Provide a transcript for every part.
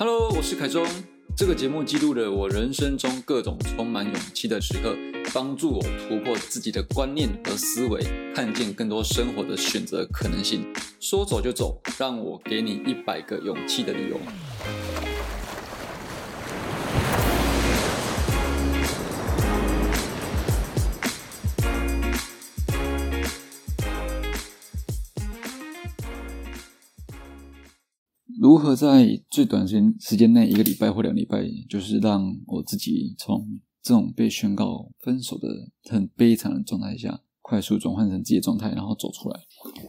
哈嘍，我是凱中。這個節目記錄了我人生中各種充滿勇氣的時刻，幫助我突破自己的觀念和思維，看見更多生活的選擇可能性。說走就走，讓我給你一百個勇氣的理由。如何在最短時間時間內，一個禮拜或兩禮拜，就是讓我自己從這種被宣告分手的很悲慘的狀態下，快速轉換成自己的狀態，然後走出來，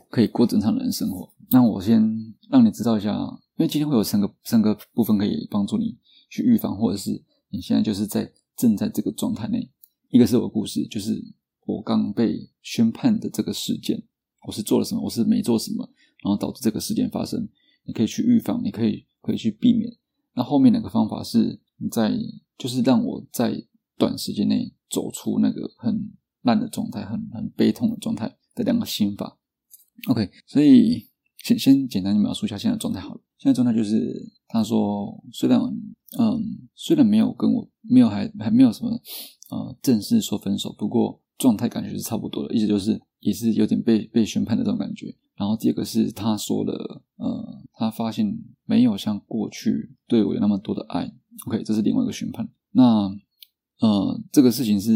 可以過正常人的生活。那我先讓你知道一下，因為今天會有三個三個部分可以幫助你去預防，或者是你現在就是在正在這個狀態內。一個是我的故事，就是我剛被宣判的這個事件，我是做了什麼，我是沒做什麼，然後導致這個事件發生。你可以去預防，你可以可以去避免。那後面兩個方法是，你在就是讓我在短時間內走出那個很爛的狀態，很很悲痛的狀態的兩個心法。OK，所以先先簡單描述一下現在狀態好了。現在狀態就是，他說雖然嗯，雖然沒有跟我沒有還還沒有什麼呃正式說分手，不過狀態感覺是差不多的，一直就是也是有點被被宣判的這種感覺。然後第二個是他說的，呃，他發現沒有像過去對我有那麼多的愛。OK，這是另外一個宣判。那，呃，這個事情是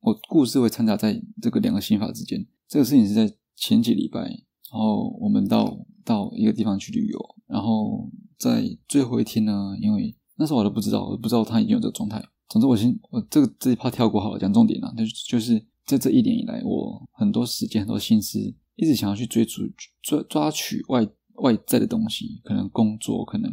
我故事會摻雜在這個兩個心法之間。這個事情是在前幾禮拜，然後我們到到一個地方去旅遊，然後在最後一天呢，因為那時候我都不知道，我不知道他已經有這個狀態。總之，我心，我這個這一趴跳過好了，講重點了。就就是在這一年以來，我很多時間，很多心思，一直想要去追逐、抓抓取外外在的東西，可能工作，可能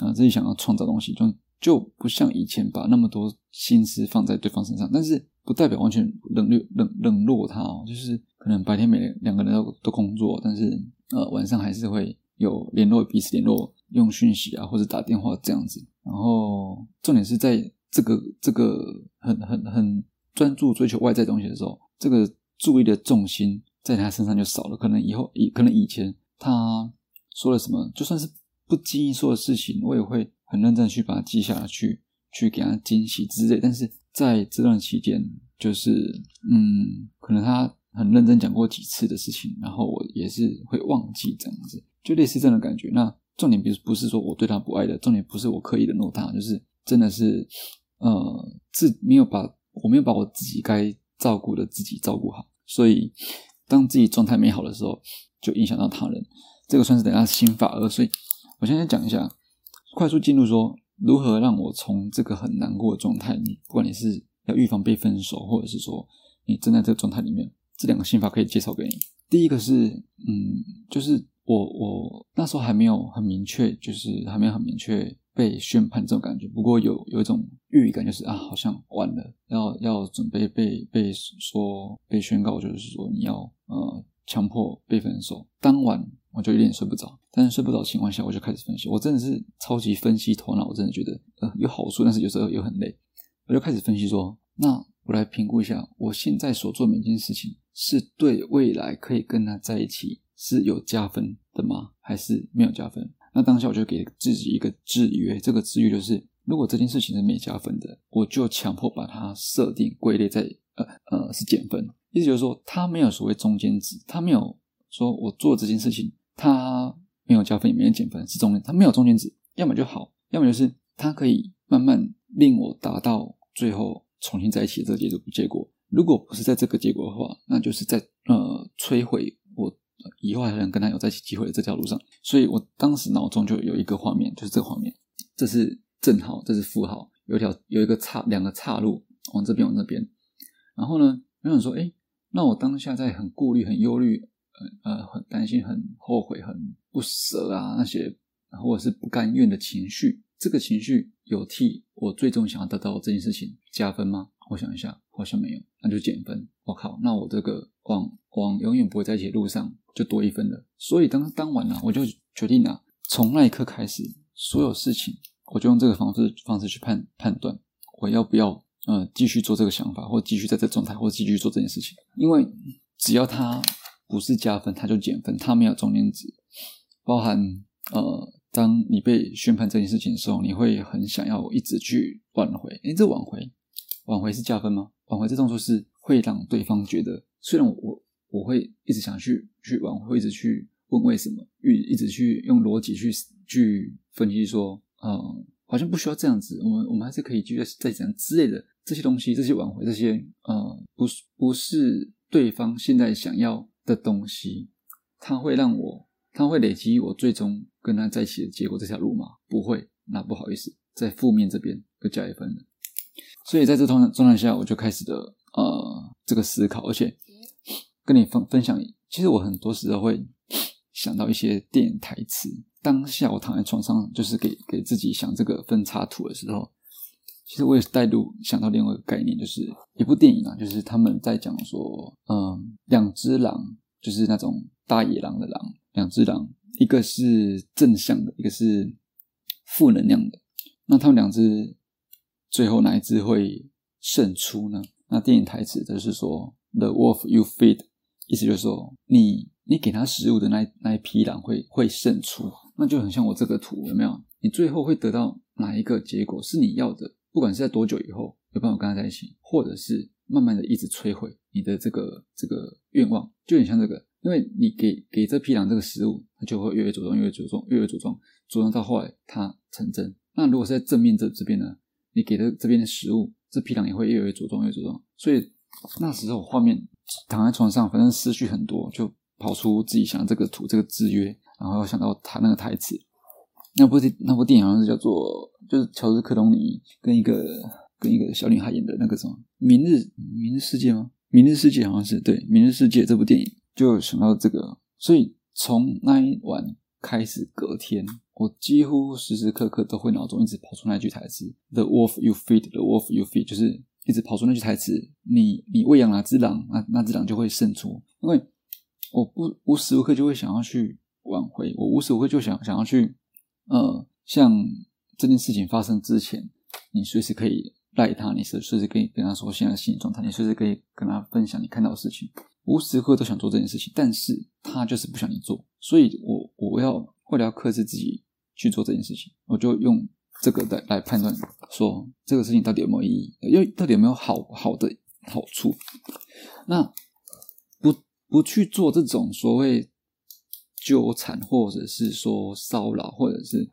啊自己想要創造東西，就就不像以前把那麼多心思放在對方身上。但是不代表完全冷略、冷冷落他哦。就是可能白天每兩個人都都工作，但是呃晚上還是會有聯絡，彼此聯絡用訊息啊，或者打電話這樣子。然後重點是在這個這個很很很，很專注追求外在東西的時候，這個注意的重心。在他身上就少了，可能以後可能以前他說了什麼，就算是不經意說的事情，我也會很認真去把它記下來，去去給他驚喜之類。但是在這段期間，就是嗯，可能他很認真講過幾次的事情，然後我也是會忘記這樣子，就類似這樣的感覺。那重點不是不是說我對他不愛的，重點不是我刻意的弄他，就是真的是呃，自沒有把我沒有把我自己該照顧的自己照顧好，所以。當自己狀態美好的時候，就影響到他人，這個算是等下心法而。所以，我現在講一下快速進入說，說如何讓我從這個很難過的狀態。你，不管你是要預防被分手，或者是說你正在這個狀態裡面，這兩個心法可以介紹給你。第一個是，嗯，就是我我那時候還沒有很明確，就是還沒有很明確。被宣判這種感覺，不過有有一種預感，就是啊，好像完了，要要準備被被說被宣告，就是說你要呃強迫被分手。當晚我就有點睡不着，但是睡不着情況下，我就開始分析。我真的是超級分析頭腦，我真的覺得呃有好處，但是有時候又很累。我就開始分析說，那我來評估一下，我現在所做的每件事情是對未來可以跟他在一起是有加分的嗎？還是沒有加分？那當下我就給自己一個制約，這個制約就是，如果這件事情是沒加分的，我就強迫把它設定歸類在呃呃是減分，意思就是說，它沒有所謂中間值，它沒有說我做這件事情，它沒有加分，也沒有減分，是中間，它沒有中間值，要麼就好，要麼就是它可以慢慢令我達到最後重新在一起的這個結果結果，如果不是在這個結果的話，那就是在呃摧毀我。以後還能跟他有在一起機會的這條路上，所以我當時腦中就有一個畫面，就是這個畫面，這是正號，這是負號，有一條有一個岔，兩個岔路，往這邊，往這邊。然後呢，我想說，哎，那我當下在很顧慮、很憂慮呃、呃、很擔心、很後悔、很不捨啊，那些或者是不甘願的情緒，這個情緒有替我最終想要得到這件事情加分嗎？我想一下，好像沒有，那就減分。我靠，那我這個往往永遠不會在一起的路上就多一分了。所以當當晚呢、啊，我就決定啊，從那一刻開始，所有事情我就用這個方式方式去判判斷我要不要呃繼續做這個想法，或繼續在這狀態，或繼續做這件事情。因為只要它不是加分，它就減分，它沒有中間值。包含呃，當你被宣判這件事情的時候，你會很想要一直去挽回。哎、欸，這挽回，挽回是加分嗎？挽回這動作是？會讓對方覺得，雖然我我，我會一直想去去挽回，會一直去問為什麼，一直去用邏輯去去分析說，嗯好像不需要這樣子，我們我們還是可以繼續再講之類的這些東西，這些挽回這些嗯不是不是對方現在想要的東西，他會讓我，他會累積我最終跟他在一起的結果這條路嗎？不會，那不好意思，在負面這邊又加一分了。所以在這段狀態下，我就開始的呃。嗯這個思考，而且跟你分分享，其實我很多時候會想到一些電影台詞。當下我躺在床上，就是給給自己想這個分叉圖的時候，其實我也是帶入想到另外一個概念，就是一部電影啊，就是他們在講說，嗯，兩隻狼，就是那種大野狼的狼，兩隻狼，一個是正向的，一個是負能量的，那他們兩隻最後哪一隻會勝出呢？那電影台詞就是說，The wolf you feed，意思就是說你，你你給他食物的那一那一匹狼會會勝出，那就很像我這個圖有沒有？你最後會得到哪一個結果是你要的？不管是在多久以後，有辦法跟他在一起，或者是慢慢的一直摧毀你的這個這個願望，就很像這個，因為你給給這匹狼這個食物，它就會越來越茁壯越來越茁壯越來越茁壯，茁壯到後來它成真。那如果是在正面這這邊呢，你給的這邊的食物。這皮囊也會越來越茁壯越茁壯，所以那時候我畫面躺在床上，反正思緒很多，就跑出自己想這個圖這個制約，然後想到他那個台詞，那部電那部電影好像是叫做就是喬治克隆尼跟一個跟一個小女孩演的那個什麼《明日明日世界》嗎？《明日世界》好像是對《明日世界》這部電影，就想到這個，所以從那一晚開始，隔天。我幾乎時時刻刻都會腦中一直跑出那句台詞：“The wolf you feed, the wolf you feed。”就是一直跑出那句台詞：“你你餵養哪隻狼，那那隻狼就會勝出。”因為我不無時無刻就會想要去挽回，我無時無刻就想想要去，呃，像這件事情發生之前，你隨時可以賴他，你是隨時可以跟他說現在的心理狀態，你隨時可以跟他分享你看到的事情，無時無刻都想做這件事情，但是他就是不想你做，所以我我要為了要克制自己。去做這件事情，我就用這個來來判斷，說這個事情到底有沒有意義，因為到底有沒有好好的好處。那不不去做這種所謂糾纏，或者是說騷擾，或者是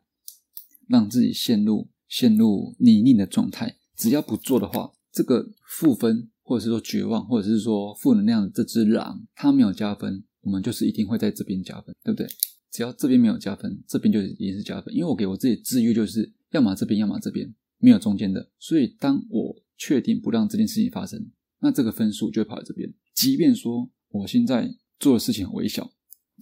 讓自己陷入陷入泥濘的狀態。只要不做的話，這個負分，或者是說絕望，或者是說負能量的這隻狼，它沒有加分，我們就是一定會在這邊加分，對不對？只要這邊沒有加分，這邊就已經是加分。因為我給我自己制約，就是要麼這邊，要麼這邊，沒有中間的。所以，當我確定不讓這件事情發生，那這個分數就會跑到這邊。即便說我現在做的事情很微小，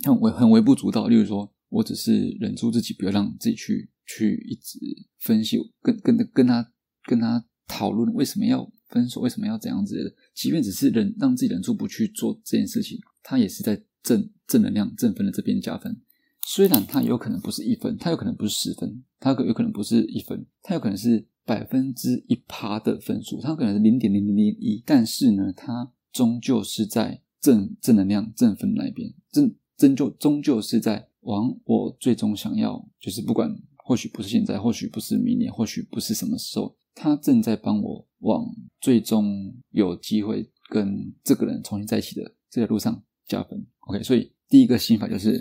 很微，很微不足道，例如說，我只是忍住自己，不要讓自己去去一直分析，跟跟跟他跟他討論為什麼要分手，為什麼要怎樣之類的。即便只是忍讓自己忍住不去做這件事情，他也是在正正能量、正分的這邊加分。雖然它有可能不是一分，它有可能不是十分，它可有可能不是一分，它有可能是百分之一趴的分數，它有可能是零點零零零一，但是呢，它終究是在正正能量正分那一邊，正正就終究是在往我最終想要，就是不管，或許不是現在，或許不是明年，或許不是什麼時候，它正在幫我往最終有機會跟這個人重新在一起的這條路上加分。OK，所以第一個心法就是，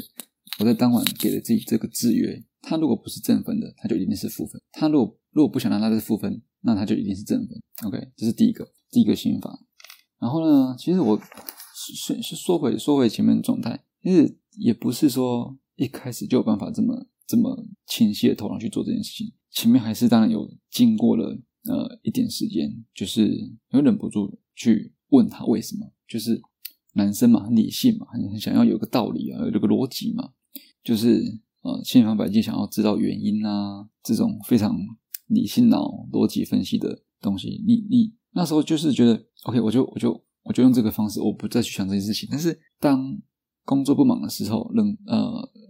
我在當晚給了自己這個制約，他如果不是正分的，他就一定是負分。他如果如果不想讓他是負分，那他就一定是正分。OK，這是第一個第一個心法。然後呢，其實我是是說回，說回前面的狀態，其實也不是說一開始就有辦法這麼這麼清晰的頭腦去做這件事情。前面還是當然有經過了呃一點時間，就是有忍不住去問他為什麼，就是男生嘛，很理性嘛，很很想要有個道理啊，有個邏輯嘛。就是呃，千方百計想要知道原因啦、啊,這種非常理性腦、邏輯分析的東西。你你那時候就是覺得 OK，我就我就我就用這個方式，我不再去想這些事情。但是當工作不忙的時候，能，呃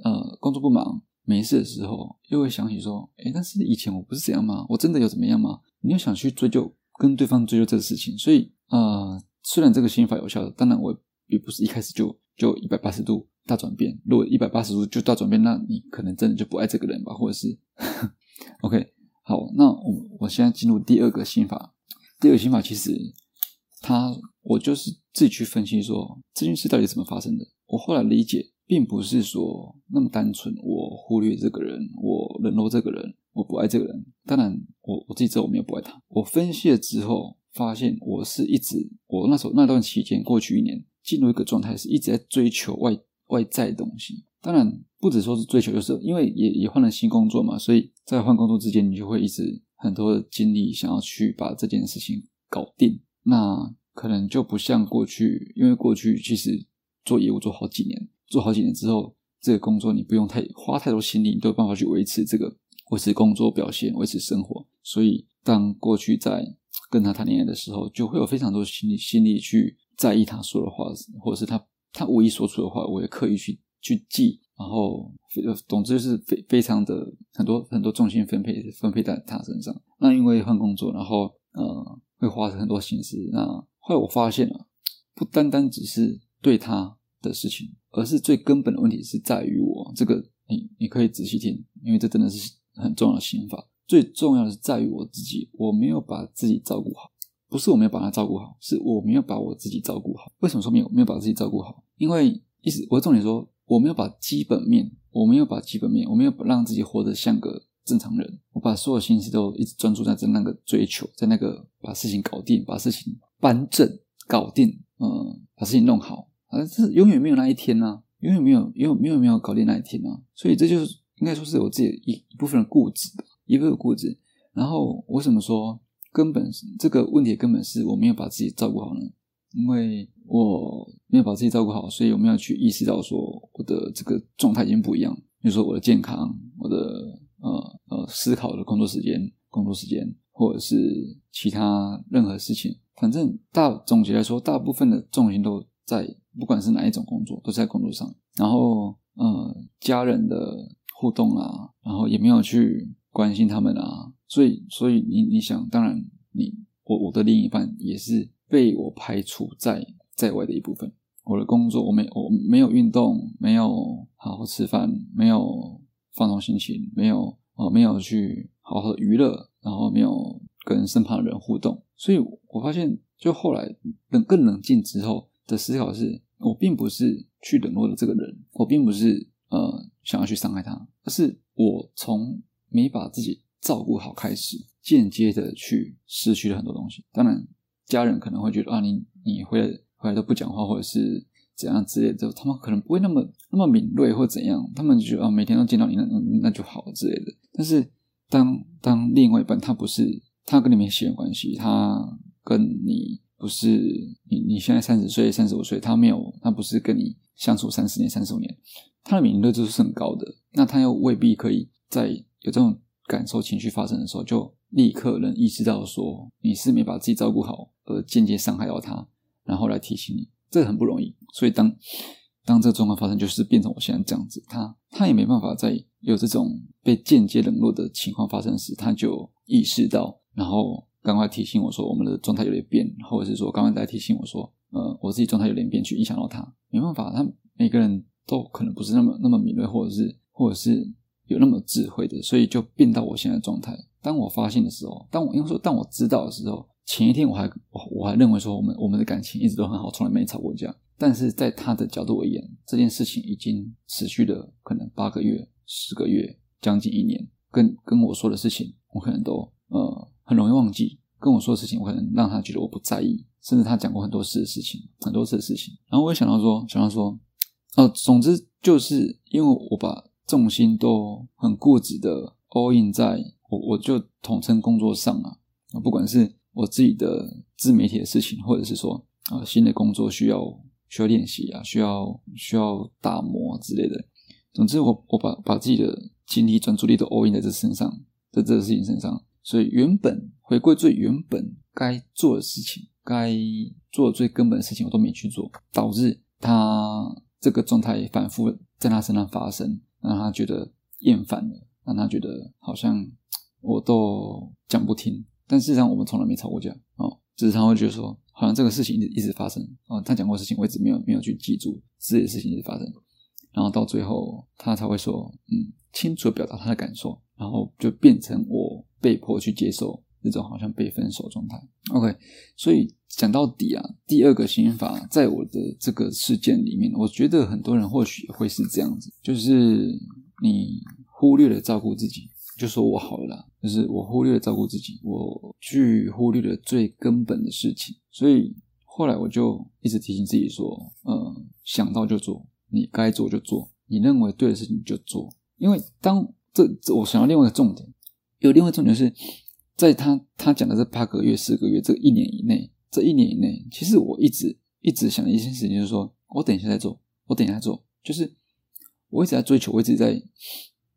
呃，工作不忙沒事的時候，又會想起說，哎、欸，但是以前我不是這樣嗎？我真的有怎麼樣嗎？你要想去追究跟對方追究這個事情，所以呃，雖然這個心法有效的，當然我也不是一開始就就一百八十度。大轉變，如果一百八十度就大轉變，那你可能真的就不愛這個人吧，或者是 OK。好，那我我現在進入第二個心法，第二個心法其實他我就是自己去分析說這件事到底怎麼發生的。我後來理解，並不是說那麼單純，我忽略這個人，我冷落這個人，我不愛這個人。當然我，我我自己知道我沒有不愛他。我分析了之後，發現我是一直，我那時候那段期間過去一年，進入一個狀態是一直在追求外。外在的東西，當然不止說是追求。就是因為也也換了新工作嘛，所以在換工作之間，你就會一直很多的精力想要去把這件事情搞定。那可能就不像過去，因為過去其實做業務做好幾年，做好幾年之後，這個工作你不用太花太多心力，你都有辦法去維持這個維持工作表現，維持生活。所以當過去在跟他談戀愛的時候，就會有非常多心力、心力去在意他說的話，或者是他。他無意說出的話，我也刻意去去記，然後，總之就是非非常的很多很多重心分配分配在他身上。那因為換工作，然後呃會花很多心思。那後來我發現了，不單單只是對他的事情，而是最根本的問題是在於我，這個你你可以仔細聽，因為這真的是很重要的心法。最重要的是在於我自己，我沒有把自己照顧好。不是我沒有把他照顧好，是我沒有把我自己照顧好。為什麼說沒有沒有把自己照顧好？因為意思，我的重點說，我沒有把基本面，我沒有把基本面，我沒有讓自己活得像個正常人。我把所有的心思都一直專注在在那個追求，在那個把事情搞定，把事情完整搞定，嗯，把事情弄好，好像是永遠沒有那一天呢、啊，永遠沒有，永遠沒有沒有搞定那一天呢、啊。所以這就是應該說是我自己一一部分的固執，一部分的固執。然後我為什麼說？根本這個問題根本是我沒有把自己照顧好呢，因為我沒有把自己照顧好，所以我沒有去意識到說我的這個狀態已經不一樣，比如說我的健康，我的呃呃思考的工作時間、工作時間，或者是其他任何事情，反正大總結來說，大部分的重心都在，不管是哪一種工作，都在工作上，然後呃家人的互動啊，然後也沒有去。關心他們啊，所以所以你你想，當然你我我的另一半也是被我排除在在外的一部分。我的工作，我沒我沒有運動，沒有好好吃飯，沒有放鬆心情，沒有呃沒有去好好娛樂，然後沒有跟身旁的人互動。所以我發現，就後來更更冷靜之後的思考是，我並不是去冷落了這個人，我並不是呃想要去傷害他，而是我從沒把自己照顧好，開始間接的去失去了很多東西。當然，家人可能會覺得啊，你你回來回來都不講話，或者是怎樣之類的，他們可能不會那麼那麼敏銳或怎樣。他們就覺得啊，每天都見到你，那那就好之類的。但是當當另外一半，他不是，他跟你沒血緣關係，他跟你不是，你你現在三十歲、三十五歲，他沒有，他不是跟你相處三十年、三十五年，他的敏銳度就是很高的。那他又未必可以在。有這種感受、情緒發生的時候，就立刻能意識到說你是沒把自己照顧好，而間接傷害到他，然後來提醒你，這很不容易。所以當當這個狀況發生，就是變成我現在這樣子。他他也沒辦法在有這種被間接冷落的情況發生時，他就意識到，然後趕快提醒我說我們的狀態有點變，或者是說剛剛在提醒我說，呃，我自己狀態有點變，去影響到他。沒辦法，他每個人都可能不是那麼那麼敏銳，或者是或者是。有那麼有智慧的，所以就變到我現在的狀態。當我發現的時候，當我因為說，當我知道的時候，前一天我還我，我還認為說，我們我們的感情一直都很好，從來沒吵過架。但是在他的角度而言，這件事情已經持續了可能八個月、十個月，將近一年。跟跟我說的事情，我可能都呃很容易忘記。跟我說的事情，我可能讓他覺得我不在意，甚至他講過很多次的事情，很多次的事情。然後我也想到說，想到說，呃，總之就是因為我把。重心都很固執的 all in 在我，我我就統稱工作上啊，不管是我自己的自媒體的事情，或者是說啊新的工作需要需要練習啊，需要需要打磨之類的，總之我我把我把自己的精力專注力都 all in 在這身上，在這個事情身上，所以原本回歸最原本該做的事情，該做的最根本的事情，我都沒去做，導致他這個狀態反覆在他身上發生。讓他覺得厭煩了，讓他覺得好像我都講不聽，但事實上我們從來沒吵過架哦。只、就是他會覺得說，好像這個事情一直一直發生哦。他講過事情，我一直沒有沒有去記住，這些事情一直發生，然後到最後他才會說，嗯，清楚的表達他的感受，然後就變成我被迫去接受。這種好像被分手狀態，OK，所以講到底啊，第二個心法在我的這個事件裡面，我覺得很多人或許也會是這樣子，就是你忽略了照顧自己，就說我好了啦，就是我忽略了照顧自己，我去忽略了最根本的事情，所以後來我就一直提醒自己說，嗯、呃，想到就做，你該做就做，你認為對的事情就做，因為當這，這我想要另外一個重點，有另外一個重點是。在他他講的這八個月、四個月，這一年以內，這一年以內，其實我一直一直想的一件事情，就是說我等一下再做，我等一下再做，就是我一直在追求，我一直在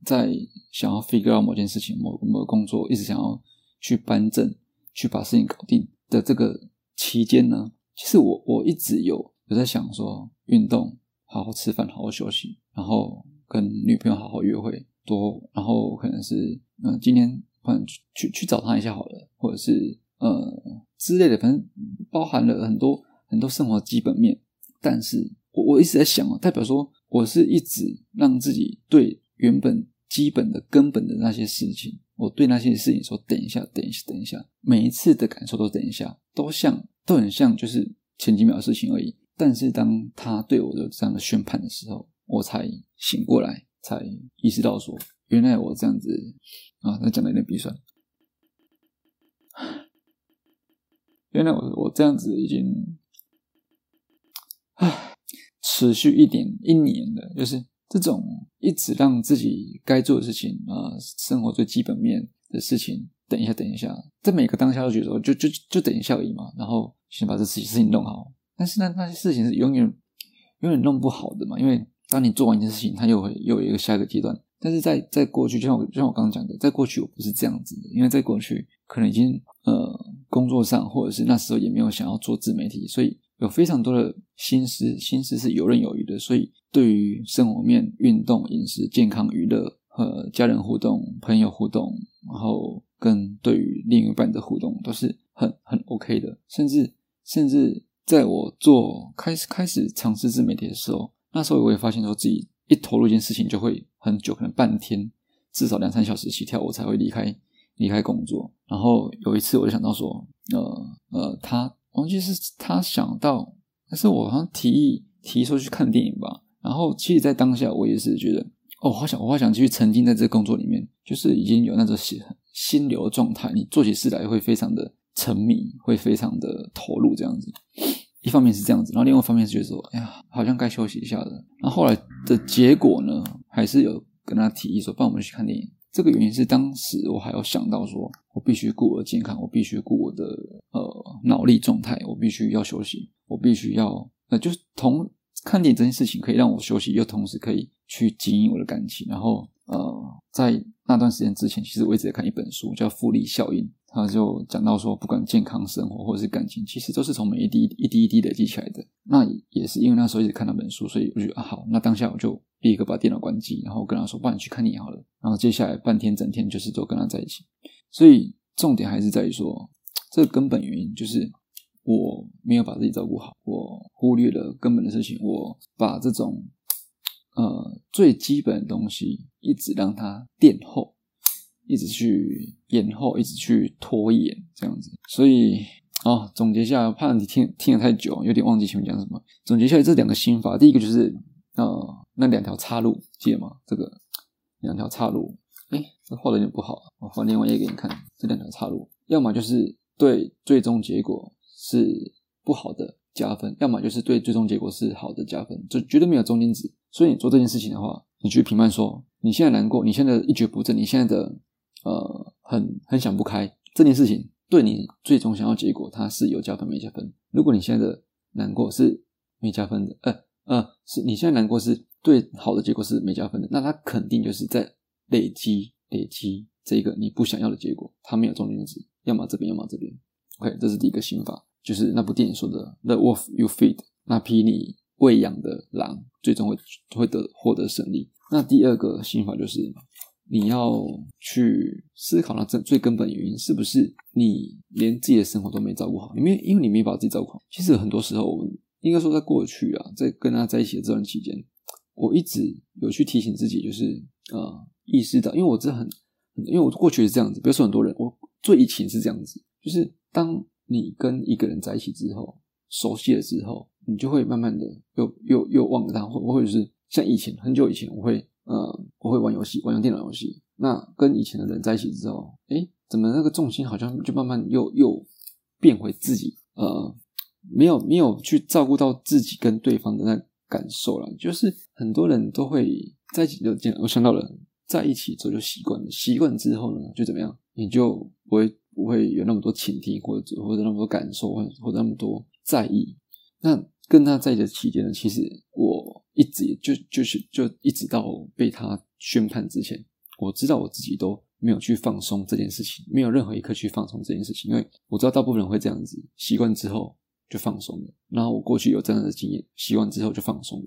在想要 figure out 某件事情、某某個工作，一直想要去扳正、去把事情搞定的這個期間呢，其實我我一直有有在想說，運動、好好吃飯、好好休息，然後跟女朋友好好約會，多然後可能是嗯、呃、今天。嗯，去去去找他一下好了，或者是呃之類的，反正包含了很多很多生活基本面。但是我，我我一直在想哦，代表說我是一直讓自己對原本基本的根本的那些事情，我對那些事情說等一下，等一下，等一下。每一次的感受都等一下，都像都很像，就是前幾秒的事情而已。但是，當他對我有這樣的宣判的時候，我才醒過來，才意識到說。原來我這樣子啊，那講的有點鼻酸。原來我我這樣子已經，唉，持續一點一年了，就是這種一直讓自己該做的事情啊，生活最基本面的事情。等一下，等一下，在每個當下都覺得就就就，就等一下而已嘛。然後先把這事情事情弄好，但是呢，那些事情是永遠永遠弄不好的嘛。因為當你做完一件事情，它又會又有一個下一個階段。但是在在過去，就像我，就像我剛剛講的，在過去我不是這樣子的，因為在過去可能已經呃工作上，或者是那時候也沒有想要做自媒體，所以有非常多的心思，心思是游刃有餘的。所以對於生活面、運動、飲食、健康、娛樂和、呃、家人互動、朋友互動，然後跟對於另一半的互動，都是很很 OK 的。甚至甚至在我做開始開始嘗試自媒體的時候，那時候我也發現說自己。一投入一件事情，就會很久，可能半天，至少兩三小時起跳，我才會離開離開工作。然後有一次，我就想到說，呃呃，他忘記是他想到，但是我好像提議提出去看電影吧。然後，其實，在當下，我也是覺得，哦，我好想，我好想繼續沉浸在這個工作裡面，就是已經有那種心心流的狀態，你做起事來會非常的沉迷，會非常的投入這樣子。一方面是這樣子，然後另外一方面是覺得說，哎呀，好像該休息一下了。然後後來的結果呢，還是有跟他提議說，不然我們去看電影。這個原因是當時我還要想到說，我必須顧我的健康，我必須顧我的呃腦力狀態，我必須要休息，我必須要，呃，就是同看電影這件事情可以讓我休息，又同時可以去經營我的感情，然後呃在。那段時間之前，其實我一直在看一本書，叫《複利效應》，他就講到說，不管健康生活或者是感情，其實都是從每一滴，一滴一滴一滴累積起來的。那也是因為那時候一直看那本書，所以我覺得，啊，好。那當下我就立刻把電腦關機，然後跟他說：“爸，不然你去看你好了。”然後接下來半天、整天就是都跟他在一起。所以重點還是在於說，這根本原因就是我沒有把自己照顧好，我忽略了根本的事情，我把這種。呃，最基本的東西，一直讓它墊後，一直去延後，一直去拖延，這樣子。所以啊、哦，總結下，怕你聽聽得太久，有點忘記前面講什麼。總結下來，這兩個心法，第一個就是呃，那兩條岔路，記得嗎？這個兩條岔路，哎、欸，這畫得有點不好，我翻另外一頁給你看。這兩條岔路，要麼就是對最終結果是不好的加分，要麼就是對最終結果是好的加分，就絕對沒有中間值。所以你做這件事情的話，你去評判說你現在難過，你現在的一蹶不振，你現在的呃很很想不開，這件事情對你最終想要的結果它是有加分沒加分？如果你現在的難過是沒加分的，呃呃，是你現在難過是對好的結果是沒加分的，那它肯定就是在累積累積這一個你不想要的結果，它沒有終點值，要麼這邊要麼這邊。OK，這是第一個心法，就是那部電影說的 “the wolf you feed”，那匹你。餵養的狼最終會會得獲得勝利。那第二個心法就是，你要去思考那這，最根本原因，是不是你連自己的生活都沒照顧好？因為因為你沒把自己照顧好，其實很多時候我們，應該說在過去啊，在跟他在一起的這段期間，我一直有去提醒自己，就是呃，意識到，因為我這很，因為我過去是這樣子，比如說很多人，我最以前是這樣子，就是當你跟一個人在一起之後，熟悉了之後。你就會慢慢的又又又忘了他，或或者是像以前很久以前，我會呃，我會玩遊戲，玩電腦遊戲。那跟以前的人在一起之後，哎，怎麼那個重心好像就慢慢又又變回自己？呃，沒有沒有去照顧到自己跟對方的那感受了。就是很多人都會在一起就講，我想到了在一起之後就習慣了，習慣之後呢，就怎麼樣，你就不會不會有那麼多傾聽或者或者那麼多感受，或者或者那麼多在意。那跟他在一起的期間呢，其實我一直就就是就，就一直到被他宣判之前，我知道我自己都沒有去放鬆這件事情，沒有任何一刻去放鬆這件事情，因為我知道大部分人會這樣子，習慣之後就放鬆了。然後我過去有這樣的經驗，習慣之後就放鬆了。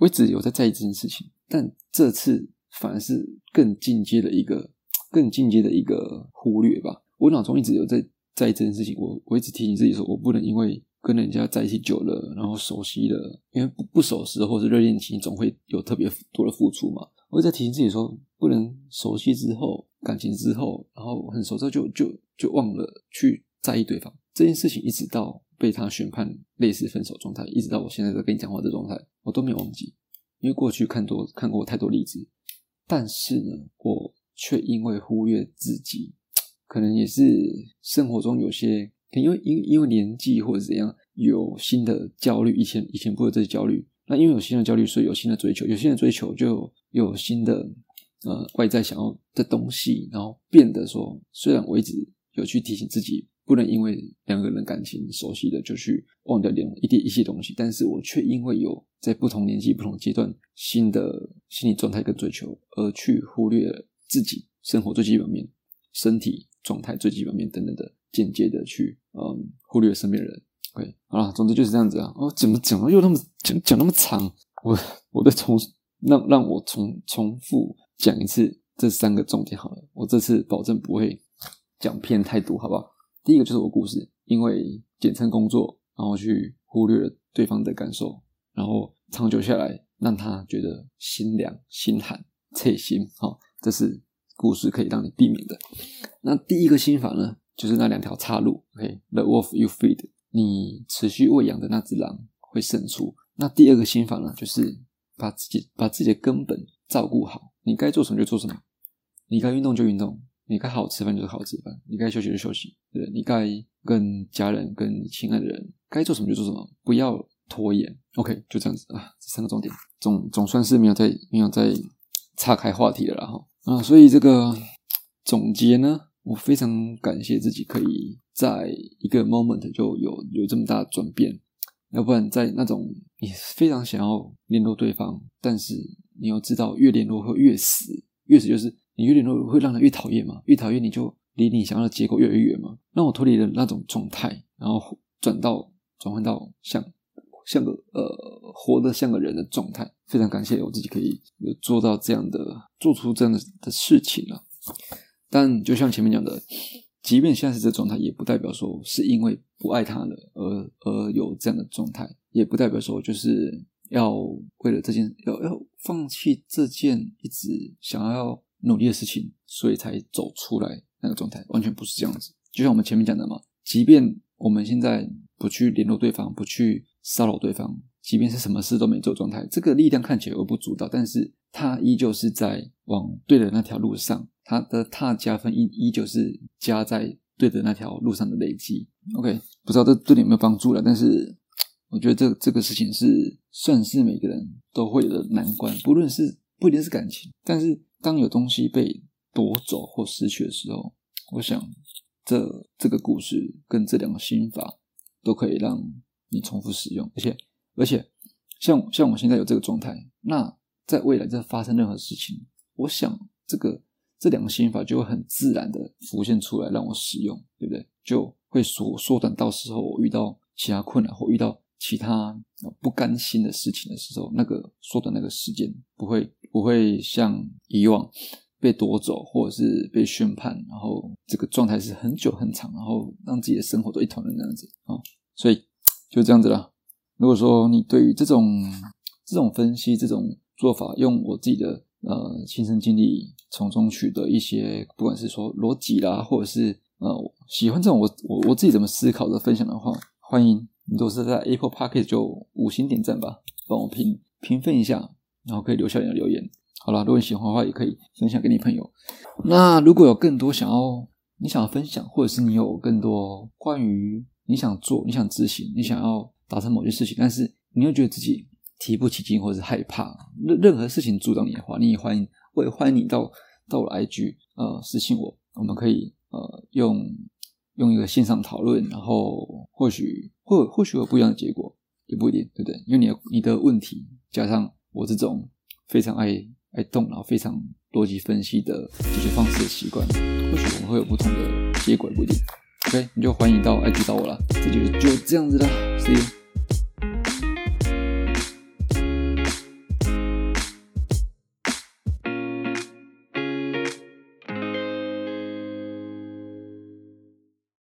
我一直有在在意這件事情，但這次反而是更進階的一個，更進階的一個忽略吧。我腦中一直有在在意這件事情，我我一直提醒自己說，我不能因為。跟人家在一起久了，然後熟悉了，因為不不熟悉或是熱戀期，總會有特別多的付出嘛。我一直在提醒自己說，不能熟悉之後，感情之後，然後很熟悉之後就，就就就忘了去在意對方這件事情。一直到被他宣判類似分手狀態，一直到我現在在跟你講話這狀態，我都沒有忘記。因為過去看多看過太多例子，但是呢，我卻因為忽略自己，可能也是生活中有些。因為因因為年紀或者怎樣，有新的焦慮，以前以前不會有這些焦慮。那因為有新的焦慮，所以有新的追求，有新的追求就有，有新的呃外在想要的東西，然後變得說，雖然我一直有去提醒自己，不能因為兩個人的感情熟悉的就去忘掉一點一一些東西，但是我卻因為有在不同年紀、不同階段新的心理狀態跟追求，而去忽略了自己生活最基本面、身體狀態最基本面等等的。間接的去嗯忽略身邊的人，OK，好了，總之就是這樣子啊。哦，怎麼講又那麼講講那麼長？我我再重讓讓我重重複講一次這三個重點好了，我這次保證不會講偏太多，好不好？第一個就是我故事，因為簡稱工作，然後去忽略了對方的感受，然後長久下來讓他覺得心涼、心寒、刺心。好、哦，這是故事可以讓你避免的。那第一個心法呢？就是那兩條岔路，OK，The wolf you feed，你持續餵養的那隻狼會勝出。那第二個心法呢，就是把自己把自己的根本照顧好。你該做什麼就做什麼，你該運動就運動，你該好好吃飯就是好好吃飯，你該休息就休息，對你該跟家人、跟親愛的人該做什麼就做什麼，不要拖延。OK，就這樣子啊，這三個重點，總總算是沒有再沒有再岔開話題了，哈。啊，所以這個總結呢？我非常感謝自己可以在一個 moment 就有有這麼大的轉變，要不然在那種你非常想要聯絡對方，但是你要知道，越聯絡會越死，越死就是你越聯絡會讓他越討厭嘛，越討厭你就離你想要的結果越來越遠嘛。讓我脫離了那種狀態，然後轉到轉換到像像個呃活得像個人的狀態。非常感謝我自己可以做到這樣的，做出這樣的事情了。但就像前面講的，即便現在是這狀態，也不代表說是因為不愛他了而而有這樣的狀態，也不代表說就是要為了這件要要放棄這件一直想要努力的事情，所以才走出來那個狀態，完全不是這樣子。就像我們前面講的嘛，即便我們現在不去聯絡對方，不去騷擾對方。即便是什麼事都沒做狀態，這個力量看起來微不足道，但是它依舊是在往對的那條路上，它的它的加分依依舊是加在對的那條路上的累積。OK，不知道這對你有沒有幫助啦，但是我覺得這這個事情是算是每個人都會有的難關，不論是不一定是感情，但是當有東西被奪走或失去的時候，我想這這個故事跟這兩個心法都可以讓你重複使用，而且。而且像，像像我現在有這個狀態，那在未來再發生任何事情，我想這個這兩個心法就會很自然的浮現出來，讓我使用，對不對？就會縮縮短，到時候我遇到其他困難或遇到其他不甘心的事情的時候，那個縮短那個時間不會不會像以往被奪走，或者是被宣判，然後這個狀態是很久很長，然後讓自己的生活都一團亂那樣子啊、哦，所以就這樣子了。如果說你對於這種這種分析、這種做法，用我自己的呃親身經歷從中取得一些，不管是說邏輯啦，或者是呃喜歡這種我我我自己怎麼思考的分享的話，歡迎你都是在 Apple Podcast 就五星點贊吧，幫我評評分一下，然後可以留下你的留言。好啦，如果你喜歡的話，也可以分享給你朋友。那如果有更多想要你想要分享，或者是你有更多關於你想做、你想執行、你想要。發生某些事情，但是你又覺得自己提不起勁，或者是害怕，任任何事情阻擋你的話，你也歡迎，我也歡迎你到到我的 IG，呃，私信我，我們可以呃用用一個線上討論，然後或許或或許有不一樣的結果，也不一定，對不對？因為你的你的問題加上我這種非常愛愛動，然後非常邏輯分析的解決方式的習慣，或許我們會有不同的結果也不一定。OK，你就歡迎到 IG 找我了，這就就這樣子啦，See you。